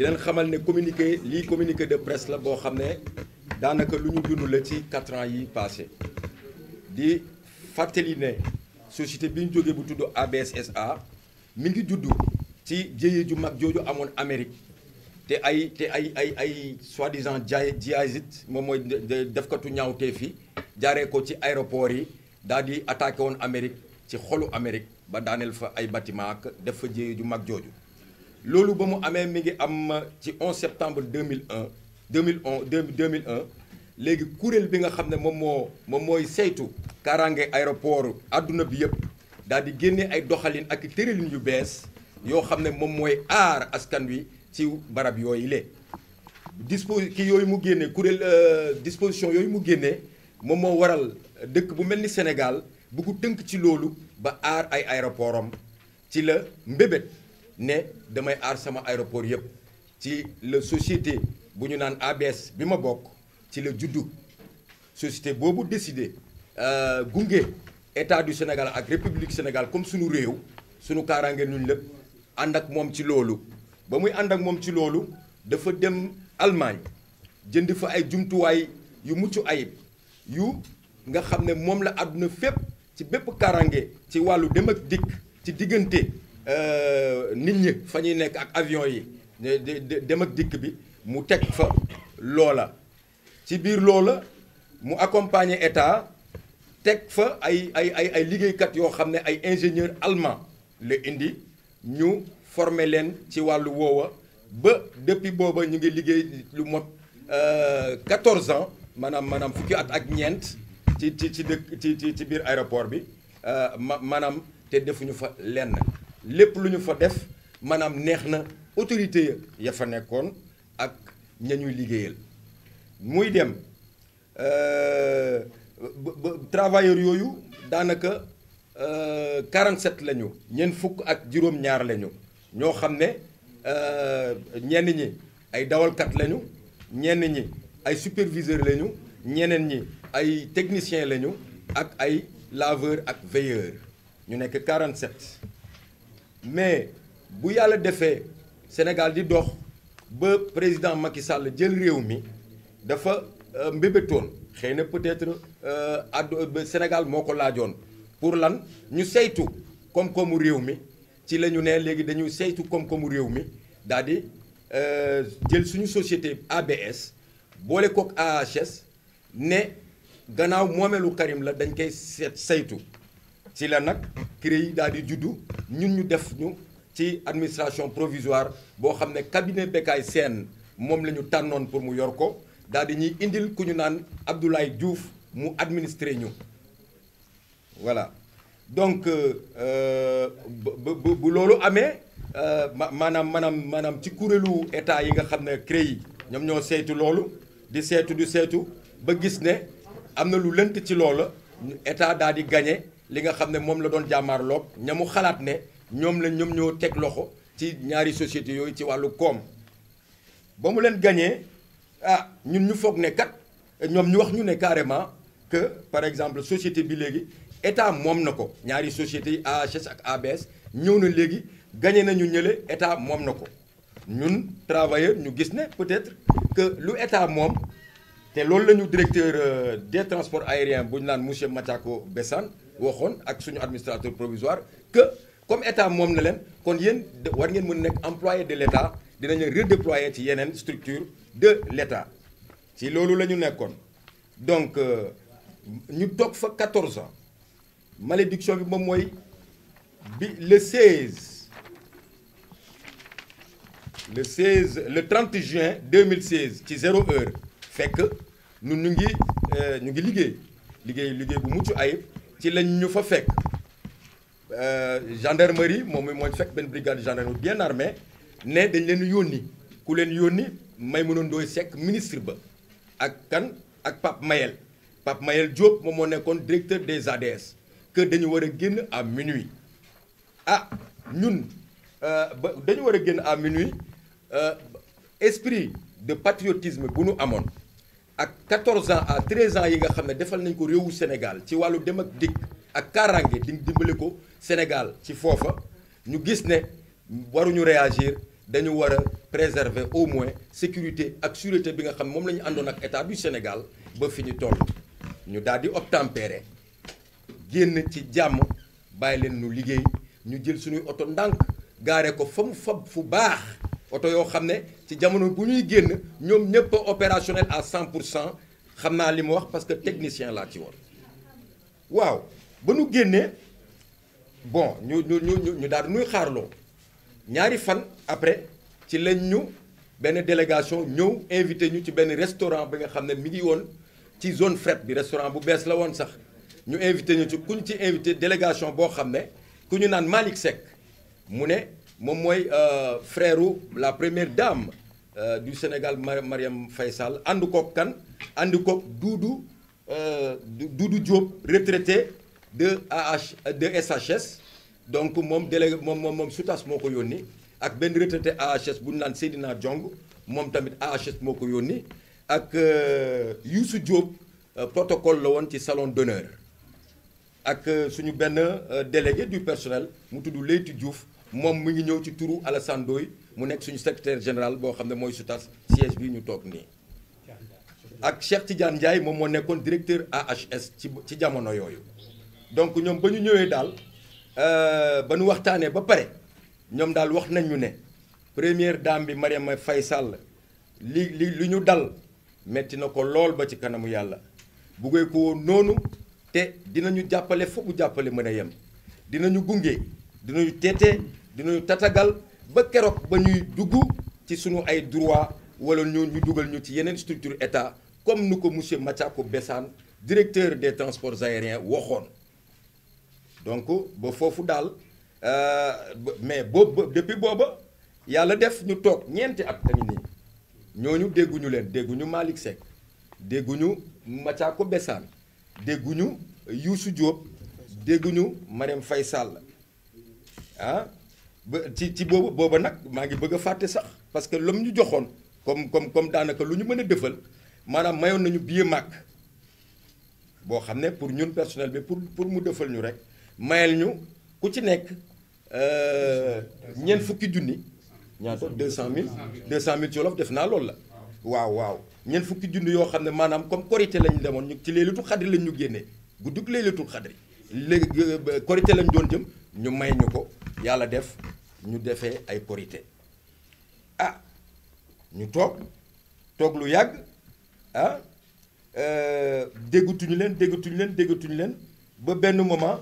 di xamal ne communiqué lii communiqué de presse la boo xam ne daanaka lu ñu dund la ci quatre ans yi passé di fàttali ne société bi ñu jógee bu tudd ABSSA mi ngi judd ci jéye ju mag jooju amoon Amérique te ay te ay ay ay soi-disant djihadistes moom mooy defkatu ñaawtee fi jaaree ko ci aéroport yi daal di attaqué woon Amérique ci xolu Amérique ba daaneel fa ay bâtiment ak def fa jéye ju mag jooju loolu ba mu amee mi ngi am ci 11 septembre 2001 2001 2001 léegi kuréel bi nga xam ne moom moo moom mooy saytu kaaraange aéroport adduna bi yëpp daal di génne ay doxalin ak tëralin yu bees yoo xam ne moom mooy aar askan wi ci barab yooyu le dispo yooyu mu génne kuréel euh, disposition yooyu mu génne moom moo waral dëkk bu mel ni Sénégal bu ko tënk ci loolu ba aar ay aéroport am ci la mbébét ne damay aar sama aéroport yëpp ci la société bu ñu naan ABS bi ma bokk ci la juddu société boobu décidé euh, gunge état du Sénégal ak république Sénégal comme sunu réew sunu kaaraange nuñ lépp ànd ak moom ci loolu ba muy ànd ak moom ci loolu dafa dem Allemagne jënd fa ay jumtuwaay yu mucc ayib yu nga xam ne moom la àdduna fépp ci bépp kaaraange ci wàllu dem ak dikk ci diggante Euh, nit ñi fa ñuy nekk ak avion yi dem ak dikk bi mu teg fa loola ci biir loola mu accompagner état teg fa ay ay ay ay liggéeykat yoo xam ne ay ingénieur allemand la indi ñu former leen ci wàllu woowa ba depuis booba ñu ngi liggéey lu mot 14 euh, ans maanaam maanaam fukki at ak ñeent ci ci ci dëkk ci ci biir aéroport bi euh, ma maanaam te defuñu fa lenn. lépp lu ñu fa def maanaam neex na autorité ya fa nekkoon ak ña ñuy liggéeyal muy dem euh, ba travailleur yooyu daanaka 47 euh, la lañu ñeent fukk ak juróom-ñaar la ñoo xam ne euh, ñenn ñi ay dawalkat lañu ñenn ñi ay superviseur lañu ñeneen ñi ay technicien lañu ak ay laveur ak veilleur ñu nekk 47. mais bu yàlla defee Sénégal di dox ba président Macky Sall jël réew mi dafa euh, mbébétoon xëy na peut-être euh, addu euh, Sénégal moo ko laajoon pour lan ñu saytu koom-koomu réew mi ci la ñu ne léegi dañuy saytu koom-koomu réew mi daal di jël suñu société ABS boole kook AHS ne gannaaw moomeelu Karim la dañ koy seet saytu ci la nag CREI daal di juddu ñun ñu def ñu ci administration provisoire boo xam ne cabinet Bécaye seen moom la ñu tànnoon pour mu yor ko daal di ñuy indil ku ñu naan Abdoulaye Diouf mu administré ñu voilà donc euh, euh, bu bu loolu amee euh, maanaam maanaam maanaam ci kuréelu état yi nga xam ne CREI ñoom ñoo saytu loolu di seetu di seetu ba gis ne am na lu lënt ci loola état daal di gagné. li nga xam ne moom la doon jàmmaarloog ña mu xalaat ne ñoom la ñoom ñoo teg loxo ci ñaari société yooyu ci wàllu koom ba mu leen gañee ah ñun ñu foog ne kat ñoom ñu wax ñu ne carrément que par exemple société bi léegi état moom na ko ñaari sociétés yi AHS ak ABS ñëw na léegi gañe nañu ñële état moom na ko ñun travailleur ñu gis ne peut-être que lu état moom te loolu la ñu directeur euh, des transports aériens bu ñu naan monsieur Mathiako Bessane waxoon ak suñu administrateur provisoire que comme état moom na leen kon yéen war ngeen mën nekk employé de l' état dinañu redéployer ci yeneen structure de l' ci loolu lañu nekkoon donc euh, ñu toog fa 14 ans malédiction bi moom mooy bi le 16 le 16 le 30 juin 2016 ci zéro heure fekk ñun ñu ngi euh, ñu ngi liggéey liggéey liggéey bu mucc ayib. ci lañ ñu fa fekk euh, gendarmerie moom mooy fekk benn brigade gendarmerie bien armée ne dañ leen yónni ku leen yónni Maïmouna dooy sekk ministre ba ak kan ak Pape Mayel Pape Mayel Diop moom moo nekkoon directeur des ADS kër dañu war a génn à minuit ah ñun euh, ba dañu war a génn à minuit euh, esprit de patriotisme bu nu amoon ak 14 ans à 13 ans yi nga xam ne defal nañ ko réewu Sénégal ci wàllu dem ak dikk ak kaaraange di dimbali ko Sénégal ci foofa ñu gis ne waruñu réagir dañu war a préserver au moins sécurité ak sûreté bi nga xam moom la ñu àndoon ak état du senegal ba fi ñu toll ñu daal di obtempérer génn ci jàmm bàyyi leen ñu liggéey ñu jël suñuy oto ndànk gaare ko fa mu fab fu baax oto yoo xam ne ci jamono bu ñuy génn ñoom ñëpp opérationnel à 100 pour cent xam naa li mu wax parce que technicien laa ci woon waaw ba nu génnee bon ñu ñu ñu ñu daal nuy xaarloo ñaari fan après ci lañ ñu benn délégation ñëw invité ñu ci benn restaurant bi nga xam ne mi ngi woon ci zone fret bi restaurant bu bees la woon sax ñu invité ñu ci kuñ ci invité délégation boo xam ne ku ñu naan Malick Seck mu ne. moom mooy euh, frère la première dame euh, du Sénégal Mariam Faye Sall ànd koog kan ànd koog Doudou euh, Doudou Diop retraité de AH de SHS donc moom délégué moom moom moom SUTAS moo ko yónni ak benn retraité AHS bu ñu naan Seydina Diong moom tamit AHS moo ko yónni ak Youssou jóob protocole la woon ci salon d'honneur ak suñu benn délégué du personnel mu tudd Leyti Diouf. moom mi ngi ñëw ci turu Alassane Ndoye mu nekk suñu secrétaire général boo xam ne mooy SUTAS siège bi ñu toog nii ak Cheikh Tidiane Ndiaye moom moo nekkoon directeur AHS ci ci jamono yooyu donc ñoom ba ñu ñëwee daal euh, ba ñu waxtaanee ba pare ñoom daal wax nañ ñu ne première dame bi Mariama Faye Sall lii li li ñu dal metti na ko lool ba ci kanamu yàlla buggee ko noonu te dinañu jàppale foofu jàppale mën a yem dinañu gunge dinañu teete dinañu tatagal ba keroog ba ñuy dugg ci suñu ay droit wala ñu ñu dugal ñu ci yeneen structure état comme nu ko monsieur Mathiako Bessane directeur des transports aériens waxoon donc ba foofu daal euh, mais boobu depuis booba yàlla def ñu toog ñeenti at tamit nii ñooñu dégguñu leen dégguñu Malick Seck dégguñu Mathiako Bessane dégguñu Youssou Diop dégguñu Marème fay Sall ah. ba ci ci booba booba nag maa ngi bëgg a fàtte sax parce que lam ñu joxoon comme comme comme daanaka lu ñu mën a dëfal maanaam mayoon nañu billet màkk boo xam ne pour ñun personnel bi pour pour mu defal ñu rek mayal ñu ku ci nekk euh, ñeent fukki junni ñaata deux cent mille deux cent mille ci wolof def naa loolu la waaw waaw ñeent fukki junni yoo xam ne maanaam comme korité lañ demoon ñu ci leelatul xadri lañ ñu génnee guddug leelatul xadri léegi euh, korité lañ doon jëm ñu may ñu ko yàlla def ñu defee ay korité ah ñu toog toog lu yàgg ah euh, déggatuñu leen déggatuñu leen déggatuñu leen ba benn moment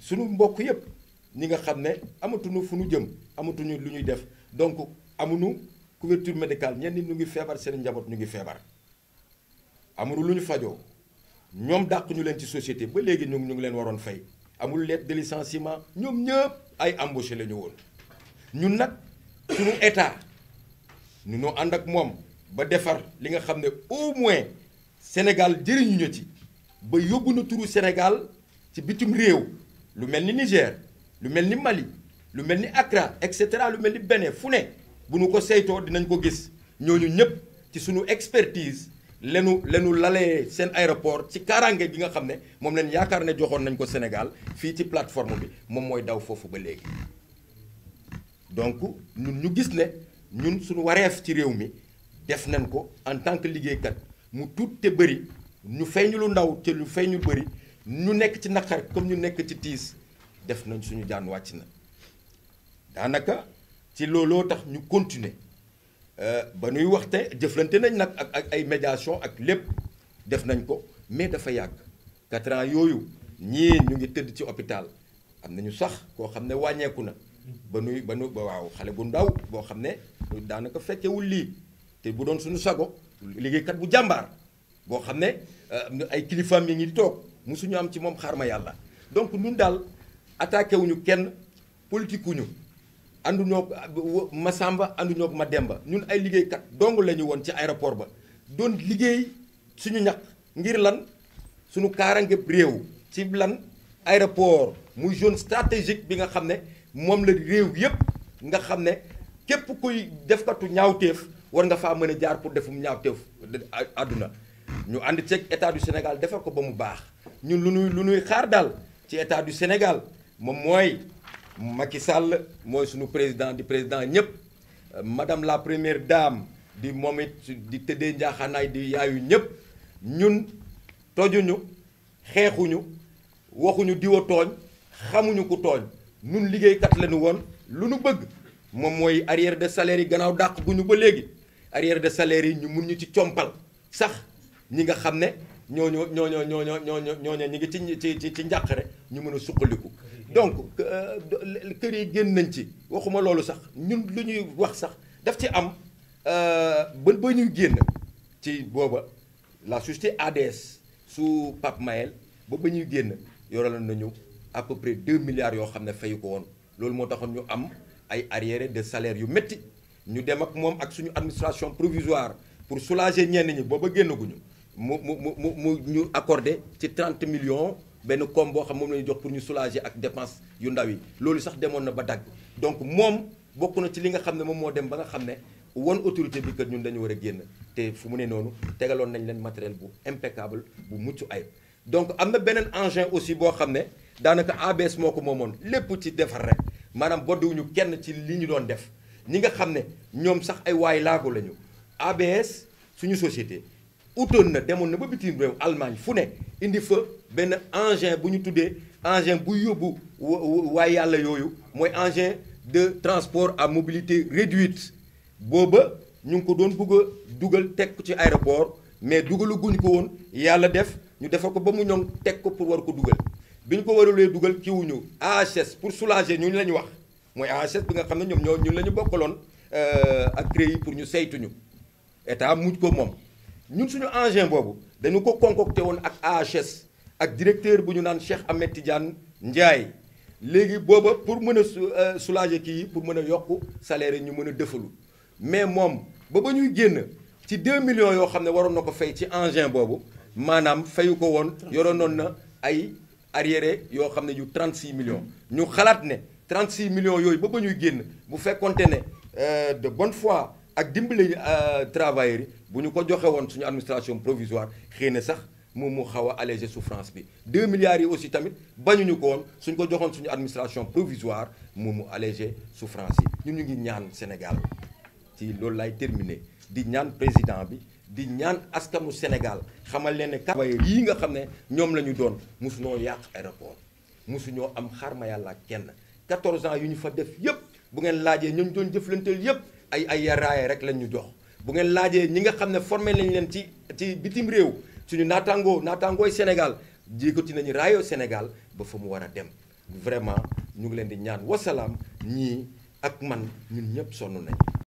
suñu mbokk yépp ni nga xam ne amatuñu fu ñu jëm amatuñu lu ñuy def donc amuñu couverture médicale ñenn ñu ngi feebar seen njaboot ñu ngi feebar amuñu lu ñu fajoo ñoom dàq ñu leen ci société ba léegi ñu ñu ngi leen waroon fay amul lettre de licenciement ñoom ñëpp ay embauché la ñu woon ñun nag suñu état ñu noo ànd ak moom ba defar li nga xam ne au moins Sénégal jëriñu ñu ba yóbbu na turu Sénégal ci bitim réew lu mel ni Niger lu mel ni Mali lu mel ni Accra et cetera lu mel ni bene fu ne bu ñu ko saytoo dinañ ko gis ñooñu ñëpp ci suñu expertise lenu lenu lalee seen aéroport ci kaaraange bi nga xam ne moom leen yaakaar ne joxoon nañ ko Sénégal fii ci plateforme bi moom mooy daw foofu ba léegi donc ñun ñu gis ne ñun suñu wareef ci réew mi def nañ ko en tant que liggéeykat mu tuut te bëri ñu feeñu lu ndaw te lu ñu bëri ñu nekk ci naqar comme ñu nekk ci tiis def nañ suñu jaan wàcc na daanaka ci looloo tax ñu continuer Euh, ba nuy waxte jëflante nañ nag ak ak ay médiation ak lépp def nañ ko mais dafa yàgg quatre ans yooyu ñii ñu ngi tëdd ci hôpital am nañu sax koo xam ne wàññeeku na ba nuy ba nu ba waaw xale bu ndaw boo xam ne daanaka fekkewul lii te bu doon suñu sago liggéeykat bu jàmbaar boo xam ne euh, ay kilifaam yi ngi toog musuñu am ci moom xaar ma yàlla donc ñun daal attaqué wuñu kenn politikuñu ànduñoo Masamba ànduñoo ma demba ñun ay liggéeykat dong la ñu woon ci aéroport ba doon liggéey suñu ñax ngir lan suñu kaarange réew si lan aéroport muy zone stratégique bi nga xam ne moom la réew yépp nga xam ne képp kuy defkatu ñaawteef war nga faa mën a jaar pour defum ñaawteef àdduna ñu ànd ceeg état du Sénégal defar ko ba mu baax ñun lu ñuy lu ñuy xaar daal ci état du Sénégal moom mooy Macky Sall mooy suñu président di président ñëpp madame la première daam di moom it di tëddee njaaxaanaay di yaayu ñëpp ñun tojuñu xeexuñu waxuñu diwa tooñ xamuñu ku tooñ ñun liggéeykat lañu woon lu ñu bëgg moom mooy arrière de salaire yi gannaaw dàq guñu ba léegi arrière de salaire yi ñu mun ñu ci compal sax ñi nga xam ne ñoo ñoo ñoo ñoo ñoo ñooñu ñoo ñi ngi ci ci ci njàqare ñu mën a suqaliku donc euh, kër yi génn nañ ci waxuma loolu sax ñun lu ñuy wax sax daf ci am euh, ba ba ñuy génn ci booba la société ADS su Pape Mayel ba ñuy génn yoraloon nañu à peu près 2 milliards yoo xam ne fayu ko woon loolu moo taxoon ñu am ay arriérés de salaire yu métti ñu dem ak moom ak suñu administration provisoire pour soulager ñenn ñi booba génnaguñu mu mu mu mu ñu accordé ci trente millions. benn koom boo xam moom la ñu jox pour ñu soulager ak dépense yu ndaw yi loolu sax demoon na ba dagg donc moom bokk na ci li nga xam ne moom moo dem ba nga xam ne won autorité bi kat ñun dañu war a génn te fu mu ne noonu tegaloon nañ leen matériel bu impeccable bu mucc ay donc am na beneen engin aussi boo xam ne daanaka ABS moo ko moomoon lépp ci defar rek maanaam boddiwuñu kenn ci li ñu doon def ñi nga xam ne ñoom sax ay waay laago lañu ABS suñu société utoon na demoon na ba bitim réew Allemagne fu ne indi fa benn engin bu ñu tuddee engin buy yóbbu waaye yàlla yooyu mooy engin de transport à mobilité réduite booba ñu ngi ko doon bugg dugal teg ko ci aéroport mais dugalu guñ ko woon yàlla def ñu defal ko ba mu ñoŋ teg ko pour war ko dugal bi ñu ko waralee dugal kii wuñu AHS pour soulager ñu la ñu wax mooy AHS bi nga xam ne ñoom ñoo ñun la ñu bokkaloon euh, ak CREI pour ñu saytuñu état mujj ko moom ñun suñu engin boobu dañu ko concocté woon ak AHS ak directeur bu ñu naan Cheikh Ahmed Tidiane Ndiaye léegi booba pour mën a euh, soulager kii pour mën a yokk salaire ñu mën a defalu mais moom ba ba ñuy génn ci 2 millions yoo xam ne waroon na ko fay ci engin boobu maanaam fayu ko woon yoroon noon na ay arriéré yoo xam ne yu 36 millions ñu xalaat ne 36 millions yooyu ba ba ñuy génn bu fekkonte ne euh, de bonne fois ak dimbali euh, travailleurs yi bu ñu ko joxe woon suñu administration provisoire xëy na sax moom mu xaw a alléger souffrance bi 2 milliards yi aussi tamit bañuñu ko woon suñ ko joxoon suñu administration provisoire moom mu alléger souffrance yi ñu ngi ñaan Sénégal ci loolu lay terminer di ñaan président bi di ñaan askanu Sénégal xamal leen ne travailleurs yii nga xam ne ñoom la ñu doon mosuñoo yàq aéroport mosuñoo am xarma yàlla kenn 14 ans yu ñu fa def yëpp bu ngeen laajee ñooñu doon jëflanteel yëpp ay ay yaraaye rek lañ ñu jox bu ngeen laajee ñi nga xam ne formé lañ leen ci ci bitim réew suñu naataangoo naataangooy Sénégal jéegati nañu raayoo Sénégal ba fa mu war a dem vraiment ñu ngi leen di ñaan wasalaam ñii ak man ñun ñëpp sonn nañ